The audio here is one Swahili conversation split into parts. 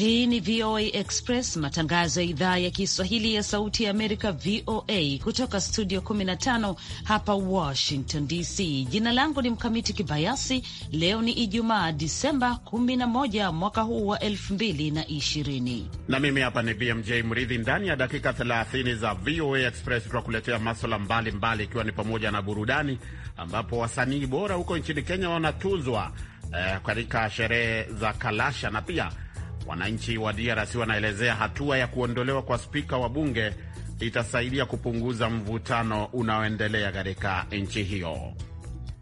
Hii ni VOA Express, matangazo ya idhaa ya Kiswahili ya Sauti ya Amerika, VOA, kutoka studio 15 hapa Washington DC. Jina langu ni Mkamiti Kibayasi. Leo ni Ijumaa, Disemba 11 mwaka huu wa 2020, na mimi hapa ni BMJ Mridhi. Ndani ya dakika 30 za VOA Express tutakuletea maswala mbalimbali, ikiwa ni pamoja na burudani, ambapo wasanii bora huko nchini Kenya wanatuzwa eh, katika sherehe za Kalasha na pia Wananchi wa DRC wanaelezea hatua ya kuondolewa kwa spika wa bunge itasaidia kupunguza mvutano unaoendelea katika nchi hiyo.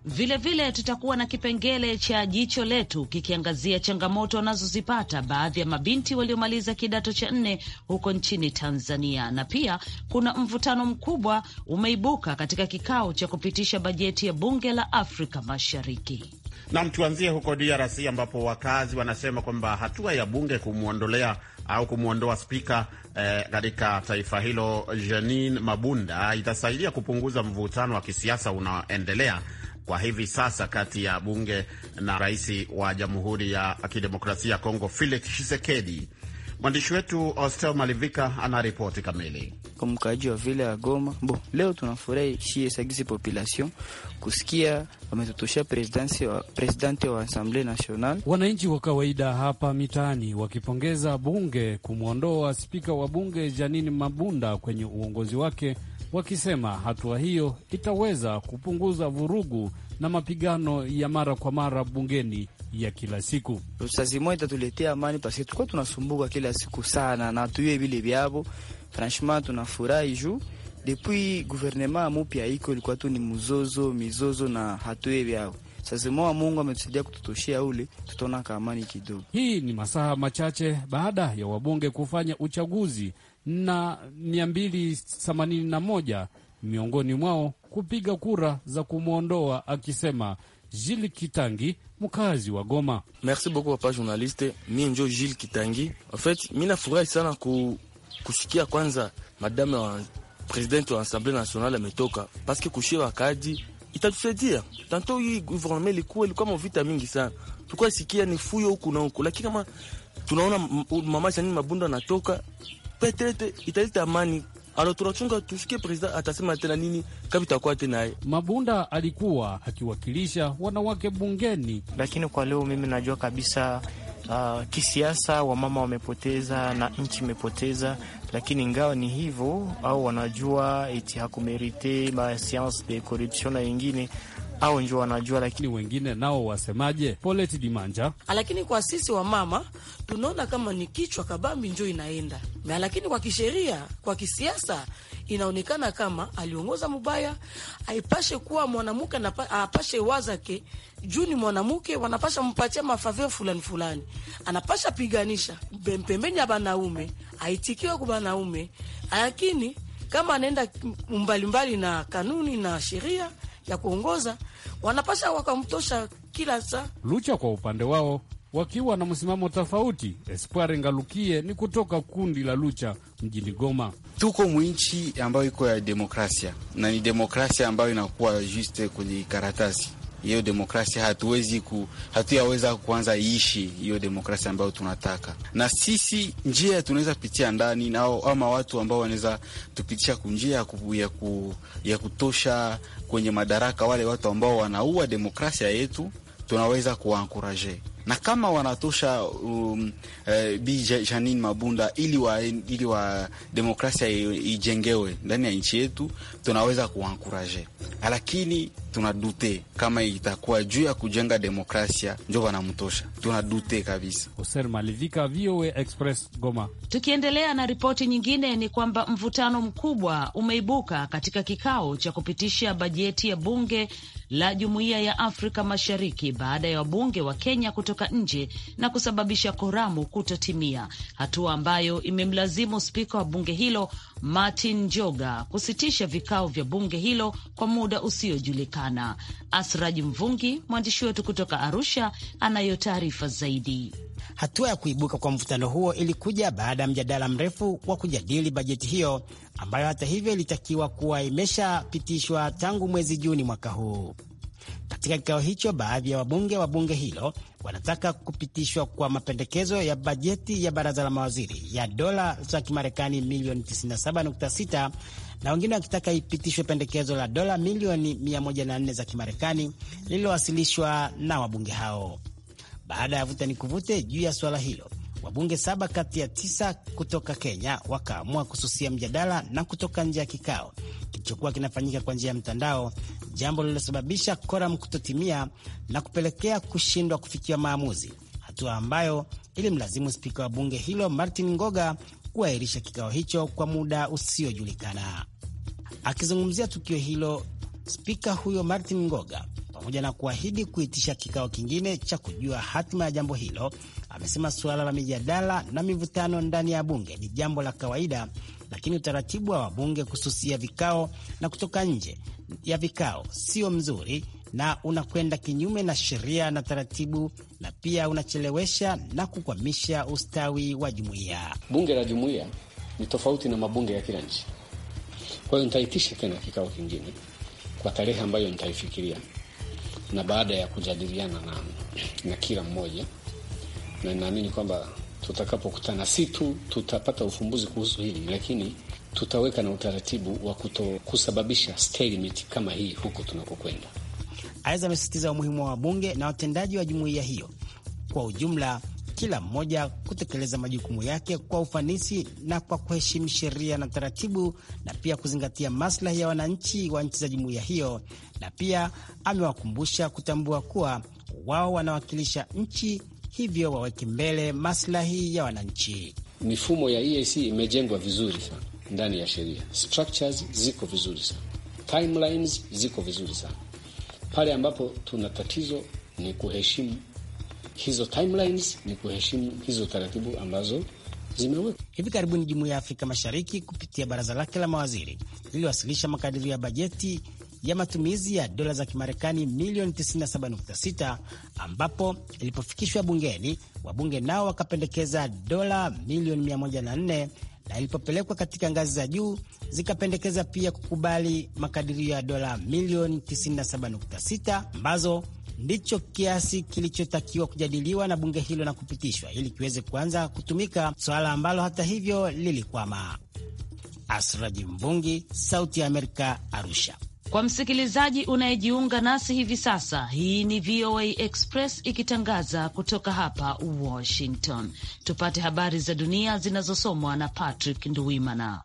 Vilevile tutakuwa na kipengele cha jicho letu kikiangazia changamoto wanazozipata baadhi ya mabinti waliomaliza kidato cha nne huko nchini Tanzania, na pia kuna mvutano mkubwa umeibuka katika kikao cha kupitisha bajeti ya bunge la Afrika Mashariki. Nam, tuanzie huko DRC ambapo wakazi wanasema kwamba hatua ya bunge kumwondolea au kumwondoa spika eh, katika eh, taifa hilo Jeanine Mabunda itasaidia kupunguza mvutano wa kisiasa unaoendelea kwa hivi sasa kati ya bunge na rais wa Jamhuri ya Kidemokrasia ya Kongo Felix Tshisekedi. Mwandishi wetu Ostel Malivika anaripoti kamili. Kwa mkaaji wa vile ya Goma bo, leo tunafurahi shie sagisi population kusikia wametotosha presidente wa Assemble National. Wananchi wa kawaida hapa mitaani wakipongeza bunge kumwondoa spika wa bunge Janini Mabunda kwenye uongozi wake wakisema hatua hiyo itaweza kupunguza vurugu na mapigano ya mara kwa mara bungeni ya kila siku. Sazimo itatuletea amani paske tukuwa tunasumbuka kila siku sana na tuye vile vyavo. Franchement tunafurahi juu depuis guvernema mupya iko ilikuwa tu ni mzozo mizozo na hatue vyao sazimoa Mungu ametusaidia kututoshea ule, tutaona amani kidogo. Hii ni masaa machache baada ya wabunge kufanya uchaguzi na na moja miongoni mwao kupiga kura za kumwondoa, akisema Jili Kitangi, mkazi wa Goma. Merci beaucoup papa journaliste, mi njo Jili Kitangi. En fait mi nafurahi sana ku, kusikia kwanza madame wa presidente wa Assemble Nationale ametoka paske kushia wakaji itatusaidia tanto. Hii gouvernement ilikuwa ilikuwa mavita mingi sana, tulikuwa sikia ni fuyo huku na huku, lakini kama tunaona mama Janine Mabunda anatoka petrete italeta amani. Alo, tunachunga tusikie president atasema tena nini kabla takuwa tenaye. Mabunda alikuwa akiwakilisha wanawake bungeni, lakini kwa leo mimi najua kabisa Uh, kisiasa wamama wamepoteza na nchi imepoteza, lakini ingawa ni hivyo, au wanajua eti hakumerite ma science de corruption na yengine au njua wanajua, lakini wengine nao wasemaje? Poleti Dimanja: ah, lakini kwa sisi wamama tunaona kama ni kichwa kabambi njo inaenda na, lakini kwa kisheria, kwa kisiasa inaonekana kama aliongoza mubaya, aipashe kuwa mwanamke na apashe wazake juu ni mwanamke, wanapasha mpatia mafavio fulani fulani, anapasha piganisha pembeni ya banaume, aitikiwe kwa banaume, lakini kama anaenda mbalimbali na kanuni na sheria ya kuongoza, wanapasha wakamtosha kila saa. Lucha kwa upande wao wakiwa na msimamo tofauti. Espoir Ngalukie ni kutoka kundi la Lucha mjini Goma. Tuko mwinchi ambayo iko ya demokrasia na ni demokrasia ambayo inakuwa juste kwenye karatasi hiyo demokrasia hatuwezi ku, hatuyaweza kuanza iishi hiyo demokrasia ambayo tunataka, na sisi njia tunaweza pitia ndani nao, ama watu ambao wanaweza tupitisha kunjia ya, ku, ya kutosha kwenye madaraka, wale watu ambao wanaua demokrasia yetu tunaweza kuwankuraje na kama wanatosha um, uh, Bi Janine Mabunda ili wa, ili wa demokrasia ijengewe ndani ya nchi yetu, tunaweza kuwankuraje, lakini tunadute kama itakuwa juu ya kujenga demokrasia njo wanamtosha, dute kabisa. Malivika, VOA Express, Goma. Tukiendelea na ripoti nyingine ni kwamba mvutano mkubwa umeibuka katika kikao cha kupitisha bajeti ya bunge la Jumuiya ya Afrika Mashariki baada ya wabunge wa Kenya kutoka nje na kusababisha koramu kutotimia, hatua ambayo imemlazimu spika wa bunge hilo Martin joga kusitisha vikao vya bunge hilo kwa muda usiojulikana. Asraj Mvungi, mwandishi wetu kutoka Arusha, anayo taarifa zaidi. Hatua ya kuibuka kwa mvutano huo ilikuja baada ya mjadala mrefu wa kujadili bajeti hiyo ambayo hata hivyo ilitakiwa kuwa imeshapitishwa tangu mwezi Juni mwaka huu. Katika kikao hicho, baadhi ya wabunge wa bunge hilo wanataka kupitishwa kwa mapendekezo ya bajeti ya baraza la mawaziri ya dola za Kimarekani milioni 97.6 na wengine wakitaka ipitishwe pendekezo la dola milioni 104 za Kimarekani lililowasilishwa na wabunge hao baada ya vuta ni kuvute juu ya swala hilo. Wabunge saba kati ya tisa kutoka Kenya wakaamua kususia mjadala na kutoka nje ya kikao kilichokuwa kinafanyika kwa njia ya mtandao, jambo lililosababisha koram kutotimia na kupelekea kushindwa kufikiwa maamuzi, hatua ambayo ilimlazimu spika wa bunge hilo Martin Ngoga kuahirisha kikao hicho kwa muda usiojulikana. Akizungumzia tukio hilo, spika huyo Martin Ngoga pamoja na kuahidi kuitisha kikao kingine cha kujua hatima ya jambo hilo. Amesema suala la mijadala na mivutano ndani ya bunge ni jambo la kawaida, lakini utaratibu wa wabunge kususia vikao na kutoka nje ya vikao sio mzuri na unakwenda kinyume na sheria na taratibu, na pia unachelewesha na kukwamisha ustawi wa jumuiya. Bunge la jumuiya ni tofauti na mabunge ya kila nchi. Kwa hiyo nitaitisha tena kikao kingine kwa tarehe ambayo nitaifikiria na baada ya kujadiliana na, na kila mmoja, na ninaamini kwamba tutakapokutana, si tu tutapata ufumbuzi kuhusu hili, lakini tutaweka na utaratibu wa kuto kusababisha stalemate kama hii huko tunakokwenda. Aidha, amesisitiza umuhimu wa wabunge na watendaji wa jumuiya hiyo kwa ujumla kila mmoja kutekeleza majukumu yake kwa ufanisi na kwa kuheshimu sheria na taratibu, na pia kuzingatia maslahi ya wananchi wa nchi za jumuiya hiyo. Na pia amewakumbusha kutambua kuwa wao wanawakilisha nchi, hivyo waweke mbele maslahi ya wananchi. Mifumo ya EAC imejengwa vizuri sana ndani ya sheria, structures ziko vizuri sana, timelines ziko vizuri sana. Pale ambapo tuna tatizo ni kuheshimu hizo timelines, ni kuheshimu hizo taratibu ambazo zimewekwa. Hivi karibuni Jumuiya ya Afrika Mashariki kupitia baraza lake la mawaziri liliwasilisha makadirio ya bajeti ya matumizi ya dola za Kimarekani milioni 97.6 ambapo ilipofikishwa bungeni, wabunge nao wakapendekeza dola milioni 104 na ilipopelekwa katika ngazi za juu zikapendekeza pia kukubali makadirio ya dola milioni 97.6 ambazo ndicho kiasi kilichotakiwa kujadiliwa na bunge hilo na kupitishwa ili kiweze kuanza kutumika, suala ambalo hata hivyo lilikwama. Asraji Mvungi, Sauti ya Amerika, Arusha. Kwa msikilizaji unayejiunga nasi hivi sasa, hii ni VOA Express ikitangaza kutoka hapa Washington. Tupate habari za dunia zinazosomwa na Patrick Nduwimana.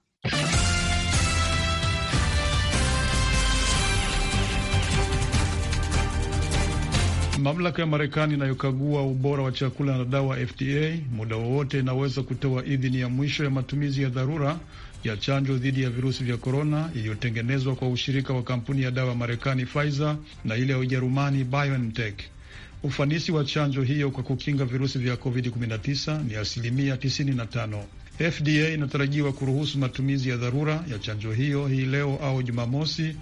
Mamlaka ya Marekani inayokagua ubora wa chakula na dawa FDA muda wowote inaweza kutoa idhini ya mwisho ya matumizi ya dharura ya chanjo dhidi ya virusi vya korona iliyotengenezwa kwa ushirika wa kampuni ya dawa Marekani Pfizer na ile ya Ujerumani BioNTech. Ufanisi wa chanjo hiyo kwa kukinga virusi vya COVID-19 ni asilimia 95. FDA inatarajiwa kuruhusu matumizi ya dharura ya chanjo hiyo hii leo au Jumamosi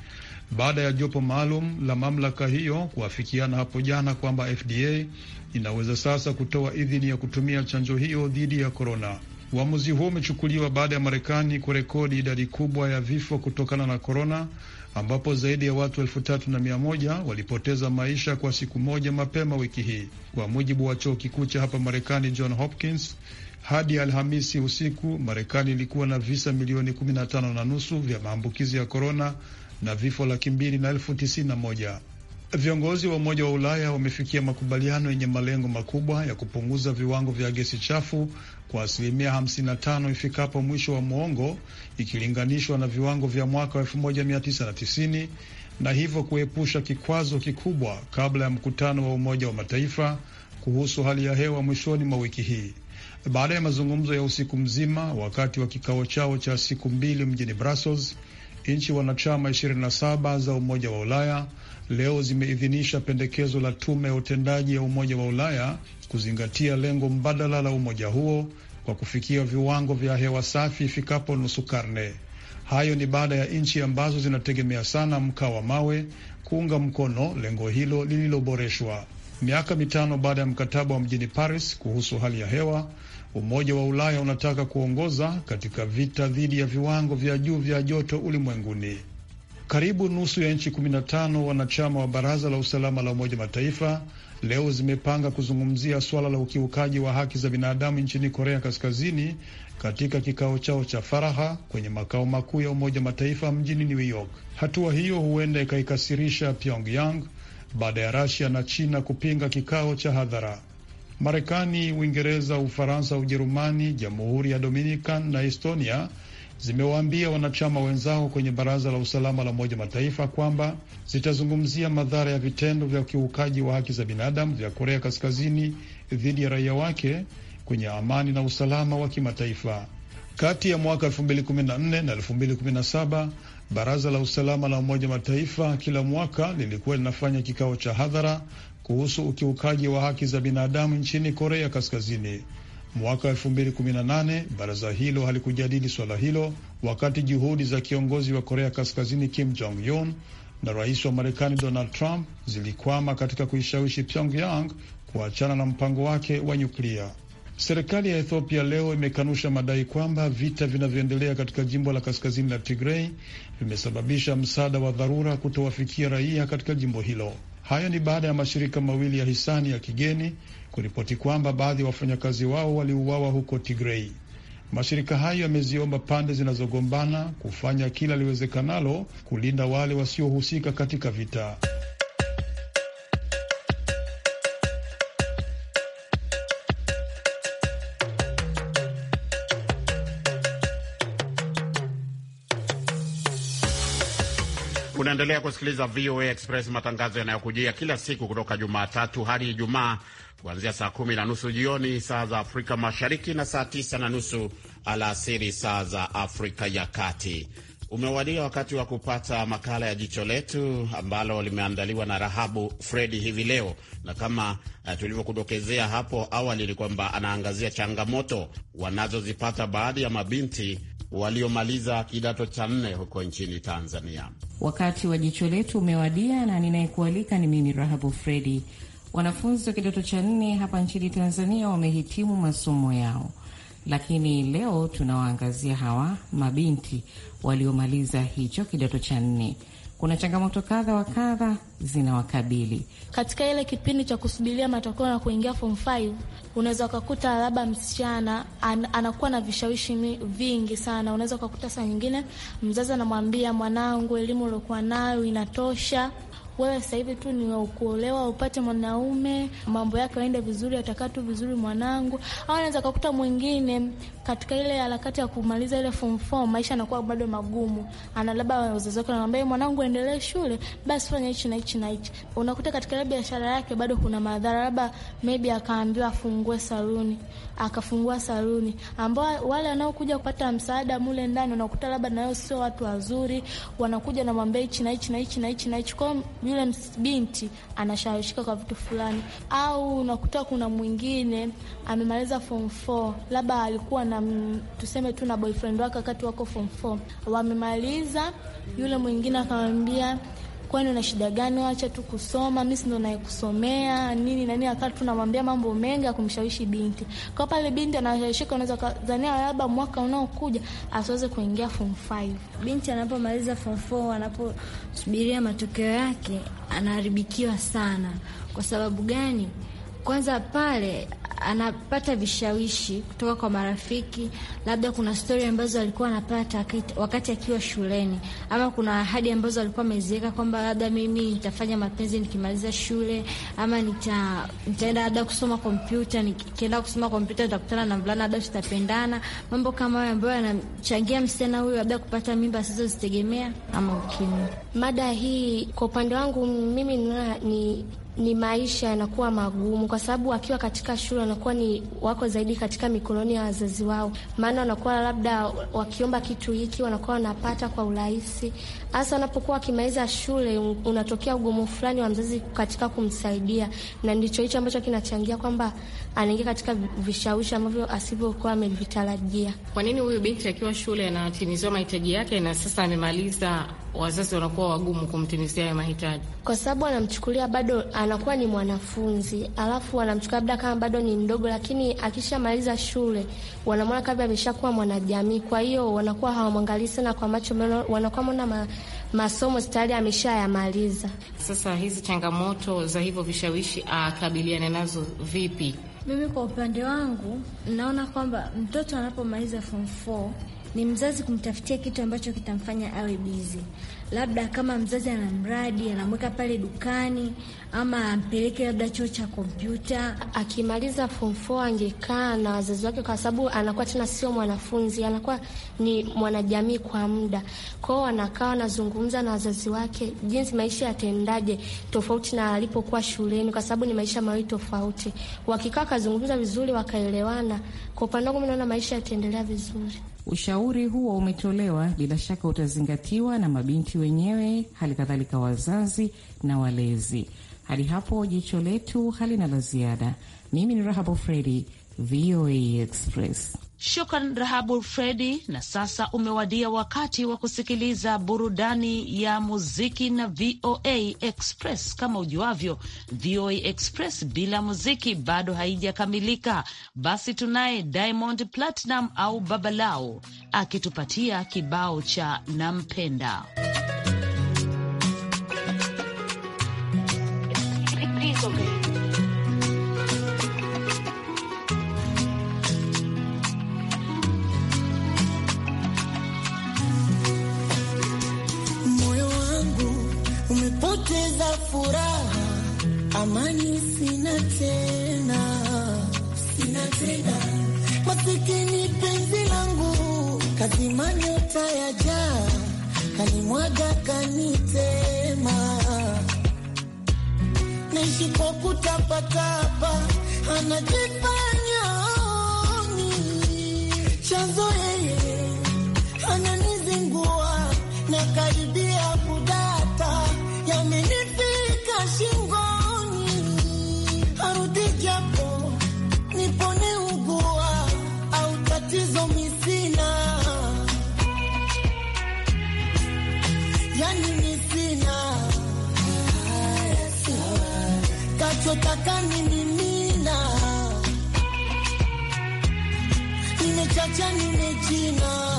baada ya jopo maalum la mamlaka hiyo kuafikiana hapo jana kwamba FDA inaweza sasa kutoa idhini ya kutumia chanjo hiyo dhidi ya korona. Uamuzi huo umechukuliwa baada ya Marekani kurekodi idadi kubwa ya vifo kutokana na korona, ambapo zaidi ya watu elfu tatu na mia moja walipoteza maisha kwa siku moja mapema wiki hii, kwa mujibu wa chuo kikuu cha hapa Marekani John Hopkins. Hadi Alhamisi usiku, Marekani ilikuwa na visa milioni 15 na nusu vya maambukizi ya korona na vifo laki mbili na elfu tisini na moja. Viongozi wa Umoja wa Ulaya wamefikia makubaliano yenye malengo makubwa ya kupunguza viwango vya gesi chafu kwa asilimia 55 ifikapo mwisho wa mwongo ikilinganishwa na viwango vya mwaka wa 1990 na hivyo kuepusha kikwazo kikubwa kabla ya mkutano wa Umoja wa Mataifa kuhusu hali ya hewa mwishoni mwa wiki hii. Baada ya mazungumzo ya usiku mzima wakati wa kikao chao cha siku mbili mjini Brussels, Nchi wanachama 27 za Umoja wa Ulaya leo zimeidhinisha pendekezo la tume ya utendaji ya Umoja wa Ulaya kuzingatia lengo mbadala la umoja huo kwa kufikia viwango vya hewa safi ifikapo nusu karne. Hayo ni baada ya nchi ambazo zinategemea sana mkaa wa mawe kuunga mkono lengo hilo lililoboreshwa. Miaka mitano baada ya mkataba wa mjini Paris kuhusu hali ya hewa, Umoja wa Ulaya unataka kuongoza katika vita dhidi ya viwango vya juu vya joto ulimwenguni. Karibu nusu ya nchi 15 wanachama wa Baraza la Usalama la Umoja Mataifa leo zimepanga kuzungumzia suala la ukiukaji wa haki za binadamu nchini Korea Kaskazini katika kikao chao cha faraha kwenye makao makuu ya Umoja Mataifa mjini New York. Hatua hiyo huenda ikaikasirisha Pyongyang baada ya Rasia na China kupinga kikao cha hadhara. Marekani, Uingereza, Ufaransa, Ujerumani, Jamhuri ya Dominican na Estonia zimewaambia wanachama wenzao kwenye Baraza la Usalama la Umoja Mataifa kwamba zitazungumzia madhara ya vitendo vya ukiukaji wa haki za binadamu vya Korea Kaskazini dhidi ya raia wake kwenye amani na usalama wa kimataifa. Kati ya mwaka 2014 na 2017 Baraza la Usalama la Umoja Mataifa kila mwaka lilikuwa linafanya kikao cha hadhara kuhusu ukiukaji wa haki za binadamu nchini Korea Kaskazini. Mwaka elfu baraza hilo halikujadili swala hilo wakati juhudi za kiongozi wa Korea Kaskazini Kim Jong Un na rais wa Marekani Donald Trump zilikwama katika kuishawishi Pyongyang kuachana na mpango wake wa nyuklia. Serikali ya Ethiopia leo imekanusha madai kwamba vita vinavyoendelea katika jimbo la kaskazini la Tigrei vimesababisha msaada wa dharura kutowafikia raia katika jimbo hilo hayo ni baada ya mashirika mawili ya hisani ya kigeni kuripoti kwamba baadhi ya wafanyakazi wao waliuawa huko Tigrei. Mashirika hayo yameziomba pande zinazogombana kufanya kila liwezekanalo kulinda wale wasiohusika katika vita. Unaendelea kusikiliza VOA Express, matangazo yanayokujia kila siku kutoka Jumatatu hadi Ijumaa kuanzia saa kumi na nusu jioni saa za Afrika Mashariki na saa tisa na nusu alasiri saa za Afrika ya Kati. Umewadia wakati wa kupata makala ya Jicho Letu ambalo limeandaliwa na Rahabu Fredi hivi leo, na kama uh, tulivyokudokezea hapo awali ni kwamba anaangazia changamoto wanazozipata baadhi ya mabinti waliomaliza kidato cha nne huko nchini Tanzania. Wakati wa jicho letu umewadia, na ninayekualika ni mimi Rahabu Fredi. Wanafunzi wa kidato cha nne hapa nchini Tanzania wamehitimu masomo yao, lakini leo tunawaangazia hawa mabinti waliomaliza hicho kidato cha nne kuna changamoto kadha wa kadha zinawakabili katika ile kipindi cha kusubiria matokeo na kuingia form 5. Unaweza ukakuta labda msichana an, anakuwa na vishawishi vingi sana. Unaweza ukakuta saa nyingine mzazi anamwambia mwanangu, elimu uliokuwa nayo inatosha wewe sasa hivi tu ni ukuolewa upate mwanaume, mambo yake waende vizuri, atakaa tu vizuri mwanangu. Au anaweza kakuta mwingine katika ile harakati ya kumaliza ile form four, maisha yanakuwa bado magumu, ana labda wazazi wake wanamwambia mwanangu, endelee shule, basi fanya hichi na hichi na hichi. Unakuta katika ile biashara yake bado kuna madhara, labda maybe akaambiwa afungue saluni, akafungua saluni, ambao wale wanaokuja kupata msaada mule ndani, unakuta labda nayo sio watu wazuri, wanakuja na mwambia hichi na hichi na hichi na hichi na hichi, kwa yule binti anashawishika kwa vitu fulani, au unakuta kuna mwingine amemaliza form four, labda alikuwa na tuseme tu na boyfriend wake wakati wako form 4 wamemaliza, yule mwingine akamwambia kwani una shida gani? Wacha tu kusoma, mimi sindo nayekusomea nini nani. Akawa tunamwambia mambo mengi ya kumshawishi binti kwa pale, binti anashawishika, unaweza kadhania labda mwaka unaokuja asiweze kuingia form 5. Binti anapomaliza form 4, anaposubiria matokeo yake, anaharibikiwa sana. Kwa sababu gani? Kwanza pale anapata vishawishi kutoka kwa marafiki, labda kuna stori ambazo alikuwa anapata wakati akiwa shuleni, ama kuna ahadi ambazo alikuwa ameziweka kwamba labda mimi nitafanya mapenzi nikimaliza shule, ama nita, nitaenda labda kusoma kompyuta. Nikienda kusoma kompyuta nitakutana na mvulana, labda tutapendana. Mambo kama hayo ambayo yanachangia msichana huyu labda kupata mimba asizozitegemea ama ukimwi. Mada hii kwa upande wangu mimi nina, ni ni maisha yanakuwa magumu, kwa sababu akiwa katika shule wanakuwa ni wako zaidi katika mikononi ya wazazi wao, maana wanakuwa labda wakiomba kitu hiki wanakuwa wanapata kwa urahisi, hasa wanapokuwa wakimaliza shule. Unatokea ugumu fulani wa mzazi katika kumsaidia, na ndicho hicho ambacho kinachangia kwamba anaingia katika vishawishi ambavyo asivyokuwa amevitarajia. Kwa nini huyu binti akiwa shule anatimiziwa mahitaji yake na sasa amemaliza wazazi wanakuwa wagumu kumtimizia hayo mahitaji, kwa sababu anamchukulia bado anakuwa ni mwanafunzi, alafu anamchukulia labda kama bado ni mdogo, lakini akishamaliza shule wanamwona kabla ameshakuwa mwanajamii. Kwa hiyo wanakuwa hawamwangalii sana kwa macho, wanakuwa mona ma, masomo tayari ameshayamaliza. Sasa hizi changamoto za hivyo vishawishi ah, akabiliane nazo vipi? Mimi kwa upande wangu naona kwamba mtoto anapomaliza form four ni mzazi kumtafutia kitu ambacho kitamfanya awe bizi. Labda kama mzazi ana mradi anamweka pale dukani, ama ampeleke labda chuo cha kompyuta. Akimaliza form four angekaa na wazazi wake, kwa sababu anakuwa tena sio mwanafunzi, anakuwa ni mwanajamii kwa muda. Kwao anakaa anazungumza na wazazi wake jinsi maisha yatendaje, tofauti na alipokuwa shuleni, kwa sababu ni maisha mawili tofauti. Wakikaa wakazungumza vizuri, wakaelewana, kwa upande wangu mi naona maisha yataendelea vizuri. Ushauri huo umetolewa, bila shaka utazingatiwa na mabinti wenyewe, hali kadhalika wazazi na walezi. Hadi hapo jicho letu halina la ziada. Mimi ni Rahabu Fredi, VOA Express. Shukran Rahabu Fredi. Na sasa umewadia wakati wa kusikiliza burudani ya muziki na VOA Express. Kama ujuavyo, VOA Express bila muziki bado haijakamilika. Basi tunaye Diamond Platinum au Babalao akitupatia kibao cha Nampenda. furaha, amani sina tena, sina tena. Masikini penzi langu kazima nyota ya jaa, kanimwaga kanitema, naishi kwa kutapatapa, anajifanya chanzo unachotaka nini? Nina nimechacha nimechina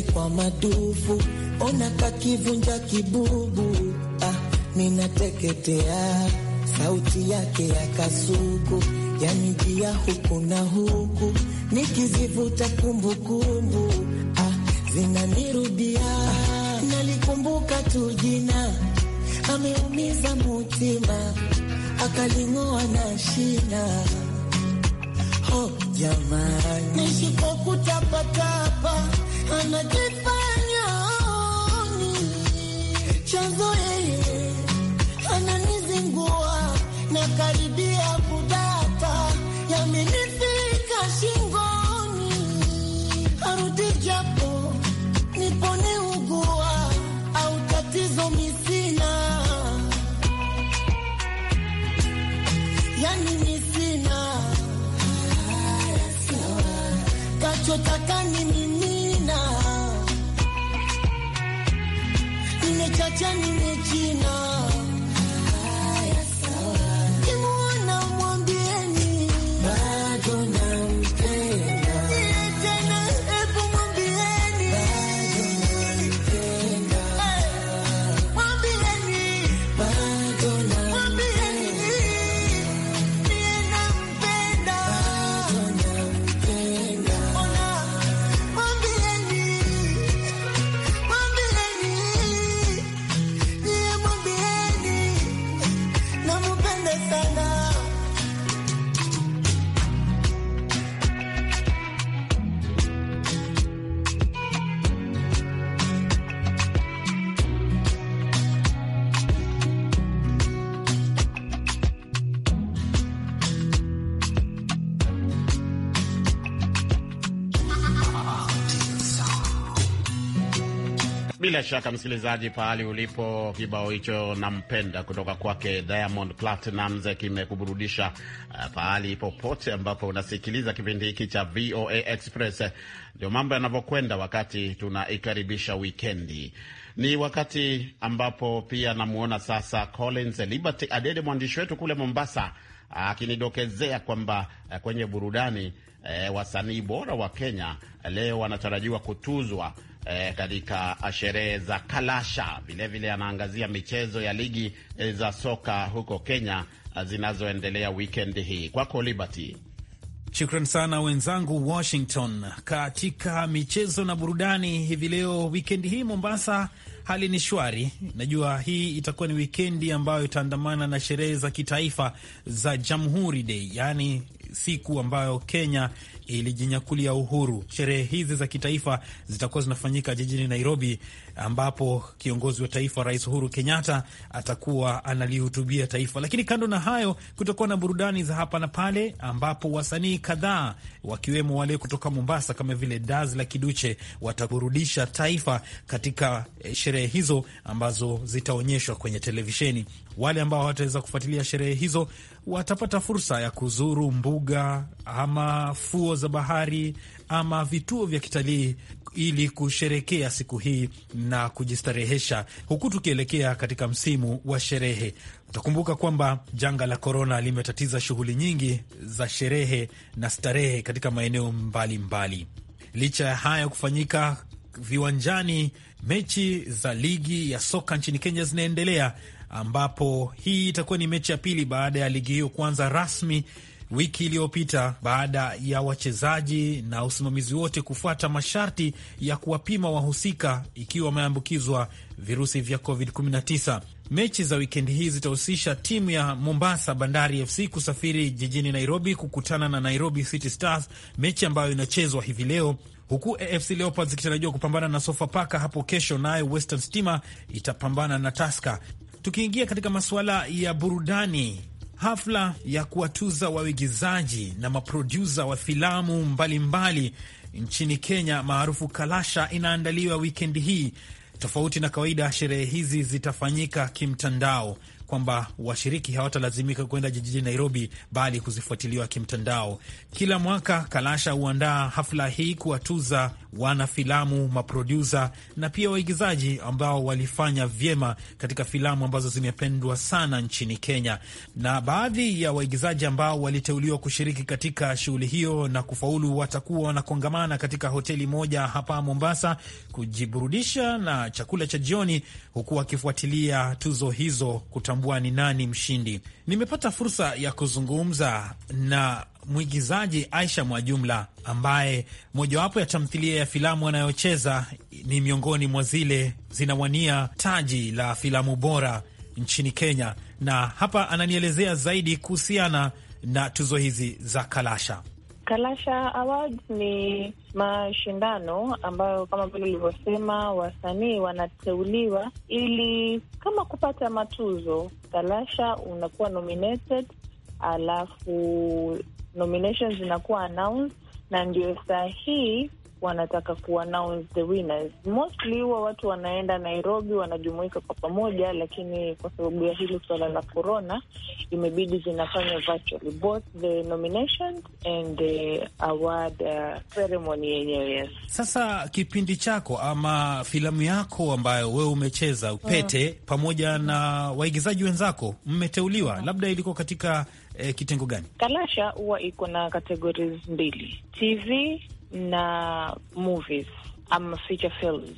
mimi kwa madufu, ona kakivunja kibubu, ah, ninateketea. Sauti yake ya kasuku yanijia huku na huku, nikizivuta kumbukumbu, ah, zinanirudia. Ah, nalikumbuka tu jina, ameumiza mutima, akaling'oa na shina. Oh, jamani, nishikokutapa gonna good. Acha nimechina Bila shaka msikilizaji, pahali ulipo, kibao hicho nampenda kutoka kwake Diamond Platnumz kimekuburudisha eh, pahali popote ambapo unasikiliza kipindi hiki cha VOA Express. Ndio mambo yanavyokwenda wakati tunaikaribisha wikendi. Ni wakati ambapo pia namuona sasa Collins Liberty Adede, mwandishi wetu kule Mombasa, akinidokezea kwamba eh, kwenye burudani e, wasanii bora wa Kenya eh, leo wanatarajiwa kutuzwa e, katika sherehe za Kalasha. Vilevile anaangazia michezo ya ligi za soka huko Kenya zinazoendelea weekend hii. Kwako Liberty. Shukran sana wenzangu Washington. Katika michezo na burudani hivi leo, wikendi hii Mombasa hali ni shwari. Najua hii itakuwa ni wikendi ambayo itaandamana na sherehe za kitaifa za Jamhuri Day, yaani siku ambayo Kenya ilijinyakulia uhuru. Sherehe hizi za kitaifa zitakuwa zinafanyika jijini Nairobi ambapo kiongozi wa taifa Rais Uhuru Kenyatta atakuwa analihutubia taifa. Lakini kando na hayo, kutakuwa na burudani za hapa na pale, ambapo wasanii kadhaa wakiwemo wale kutoka Mombasa kama vile la Kiduche wataburudisha taifa katika eh, sherehe hizo ambazo zitaonyeshwa kwenye televisheni. Wale ambao wataweza kufuatilia sherehe hizo watapata fursa ya kuzuru mbuga ama fuo za bahari ama vituo vya kitalii ili kusherekea siku hii na kujistarehesha, huku tukielekea katika msimu wa sherehe. Utakumbuka kwamba janga la korona limetatiza shughuli nyingi za sherehe na starehe katika maeneo mbalimbali. Licha ya haya kufanyika viwanjani, mechi za ligi ya soka nchini Kenya zinaendelea ambapo hii itakuwa ni mechi ya pili baada ya ligi hiyo kuanza rasmi wiki iliyopita baada ya wachezaji na usimamizi wote kufuata masharti ya kuwapima wahusika ikiwa wameambukizwa virusi vya COVID-19. Mechi za wikendi hii zitahusisha timu ya Mombasa Bandari FC kusafiri jijini Nairobi kukutana na Nairobi City Stars, mechi ambayo inachezwa hivi leo huku AFC Leopards ikitarajiwa kupambana na Sofapaka hapo kesho, nayo Western Stima itapambana na Taska. Tukiingia katika masuala ya burudani, hafla ya kuwatuza wawigizaji na maprodusa wa filamu mbalimbali nchini Kenya maarufu Kalasha inaandaliwa wikendi hii. Tofauti na kawaida, sherehe hizi zitafanyika kimtandao kwamba washiriki hawatalazimika kwenda jijini Nairobi bali kuzifuatiliwa kimtandao. Kila mwaka Kalasha huandaa hafla hii kuwatuza wanafilamu, maprodyusa na pia waigizaji ambao walifanya vyema katika filamu ambazo zimependwa sana nchini Kenya. Na baadhi ya waigizaji ambao waliteuliwa kushiriki katika shughuli hiyo na kufaulu watakuwa wanakongamana katika hoteli moja hapa Mombasa kujiburudisha na chakula cha jioni, huku wakifuatilia tuzo hizo kutam kutambua ni nani mshindi. Nimepata fursa ya kuzungumza na mwigizaji Aisha Mwajumla ambaye mojawapo ya tamthilia ya filamu anayocheza ni miongoni mwa zile zinawania taji la filamu bora nchini Kenya, na hapa ananielezea zaidi kuhusiana na tuzo hizi za Kalasha. Kalasha Awards ni mashindano ambayo kama vile ulivyosema, wasanii wanateuliwa ili kama kupata matuzo. Kalasha unakuwa nominated, alafu nominations zinakuwa announced, na ndio saa hii wanataka ku the winners. Mostly huwa watu wanaenda Nairobi, wanajumuika kwa pamoja, lakini kwa sababu ya hili suala la corona imebidi zinafanywa virtually, both the nomination and the award uh, ceremony yenyewe. Yes. Sasa kipindi chako ama filamu yako ambayo wewe umecheza upete, mm, pamoja na waigizaji wenzako mmeteuliwa, mm, labda ilikuwa katika eh, kitengo gani? Kalasha huwa iko na categories mbili: TV na movies ama feature films.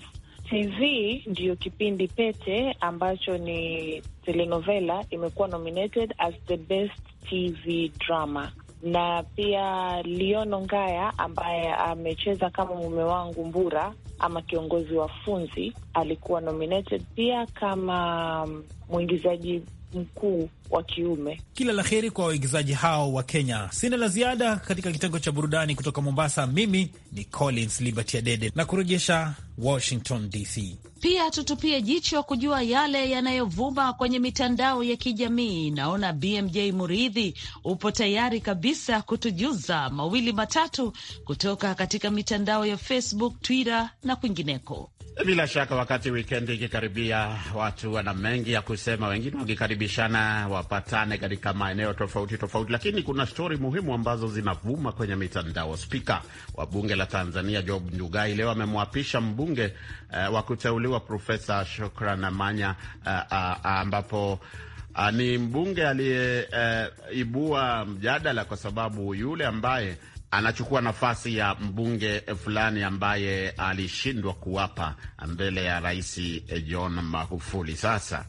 TV ndiyo kipindi pete ambacho ni telenovela imekuwa nominated as the best TV drama, na pia Liono Ngaya ambaye amecheza kama mume wangu Mbura ama kiongozi wa funzi alikuwa nominated pia kama mwigizaji mkuu wa kiume. Kila la heri kwa waigizaji hao wa Kenya. Sina la ziada katika kitengo cha burudani kutoka Mombasa. Mimi ni Collins Liberty Adede na kurejesha Washington DC. Pia tutupie jicho kujua yale yanayovuma kwenye mitandao ya kijamii. Naona BMJ Muridhi upo tayari kabisa kutujuza mawili matatu kutoka katika mitandao ya Facebook, Twitter na kwingineko. Bila shaka, wakati wikendi ikikaribia, watu wana mengi ya kusema, wengine wakikaribishana wapatane katika maeneo tofauti tofauti, lakini kuna stori muhimu ambazo zinavuma kwenye mitandao. Spika wa bunge la Tanzania Job Ndugai leo amemwapisha mbunge uh, wa kuteuliwa Profesa Shukran Amanya uh, uh, ambapo uh, ni mbunge aliyeibua eh, uh, mjadala kwa sababu yule ambaye anachukua nafasi ya mbunge fulani ambaye alishindwa kuwapa mbele ya Rais John Magufuli. Sasa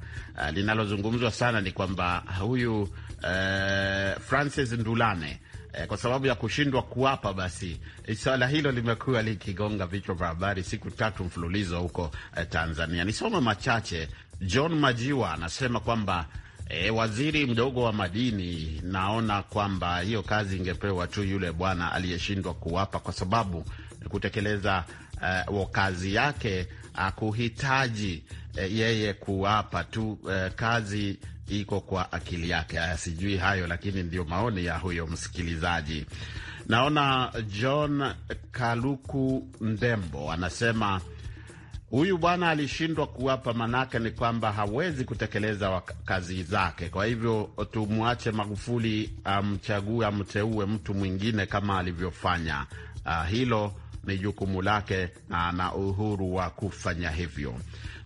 linalozungumzwa sana ni kwamba huyu eh, Francis Ndulane eh, kwa sababu ya kushindwa kuwapa, basi eh, swala hilo limekuwa likigonga vichwa vya habari siku tatu mfululizo huko eh, Tanzania. Nisome machache. John Majiwa anasema kwamba E, waziri mdogo wa madini, naona kwamba hiyo kazi ingepewa tu yule bwana aliyeshindwa kuwapa, kwa sababu kutekeleza uh, kazi yake akuhitaji uh, yeye kuwapa tu uh, kazi iko kwa akili yake. Haya, sijui hayo, lakini ndio maoni ya huyo msikilizaji. Naona John Kaluku Ndembo anasema huyu bwana alishindwa kuwapa, manake ni kwamba hawezi kutekeleza kazi zake. Kwa hivyo tumwache Magufuli amchague, um, amteue mtu mwingine kama alivyofanya. Uh, hilo ni jukumu lake na ana uhuru wa kufanya hivyo.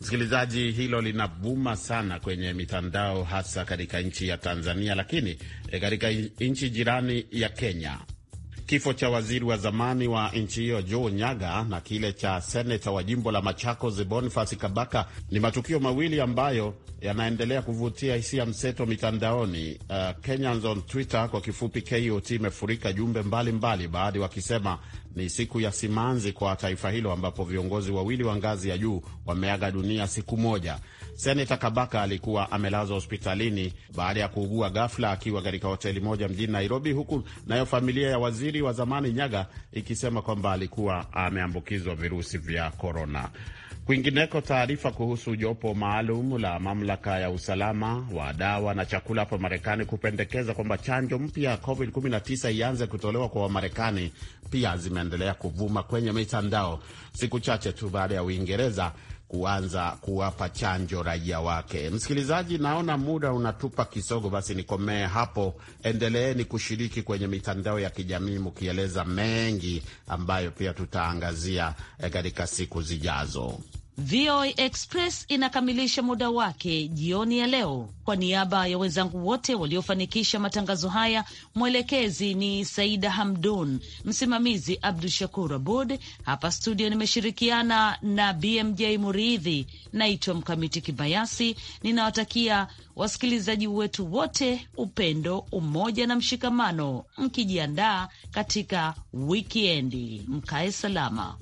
Msikilizaji, hilo linavuma sana kwenye mitandao, hasa katika nchi ya Tanzania, lakini eh, katika nchi jirani ya Kenya Kifo cha waziri wa zamani wa nchi hiyo Joe Nyaga na kile cha seneta wa jimbo la Machakos Boniface Kabaka ni matukio mawili ambayo yanaendelea kuvutia hisia mseto mitandaoni. Uh, Kenyans on Twitter kwa kifupi KOT imefurika jumbe mbalimbali, baadhi wakisema ni siku ya simanzi kwa taifa hilo ambapo viongozi wawili wa ngazi ya juu wameaga dunia siku moja. Seneta Kabaka alikuwa amelazwa hospitalini baada ya kuugua ghafla akiwa katika hoteli moja mjini Nairobi, huku nayo familia ya waziri wa zamani Nyaga ikisema kwamba alikuwa ameambukizwa virusi vya korona. Kwingineko, taarifa kuhusu jopo maalum la mamlaka ya usalama wa dawa na chakula hapa Marekani kupendekeza kwamba chanjo mpya ya COVID-19 ianze kutolewa kwa Wamarekani pia zimeendelea kuvuma kwenye mitandao siku chache tu baada ya Uingereza kuanza kuwapa chanjo raia wake. Msikilizaji, naona muda unatupa kisogo, basi nikomee hapo. Endeleeni kushiriki kwenye mitandao ya kijamii mkieleza mengi ambayo pia tutaangazia eh, katika siku zijazo. VOA Express inakamilisha muda wake jioni ya leo. Kwa niaba ya wenzangu wote waliofanikisha matangazo haya, mwelekezi ni Saida Hamdun, msimamizi Abdu Shakur Abud. Hapa studio nimeshirikiana na BMJ Muridhi. Naitwa Mkamiti Kibayasi, ninawatakia wasikilizaji wetu wote upendo, umoja na mshikamano, mkijiandaa katika wikiendi. Mkae salama.